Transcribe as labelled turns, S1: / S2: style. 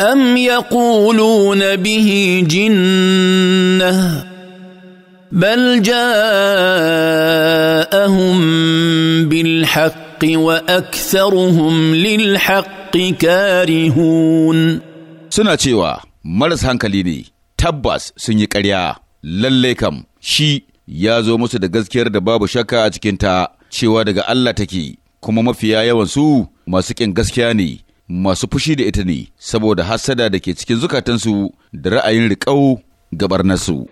S1: أم يقولون به جنة بل wa بالحق وأكثرهم للحق كارهون
S2: suna cewa maras hankali ne tabbas sun yi ƙarya Lallai kam shi ya zo musu da gaskiyar da babu shakka a cikinta cewa daga Allah take kuma mafiya yawan su masu ƙin gaskiya ne masu fushi da ita ne saboda hassada da ke cikin zukatansu da ra'ayin riƙau gabarnarsu.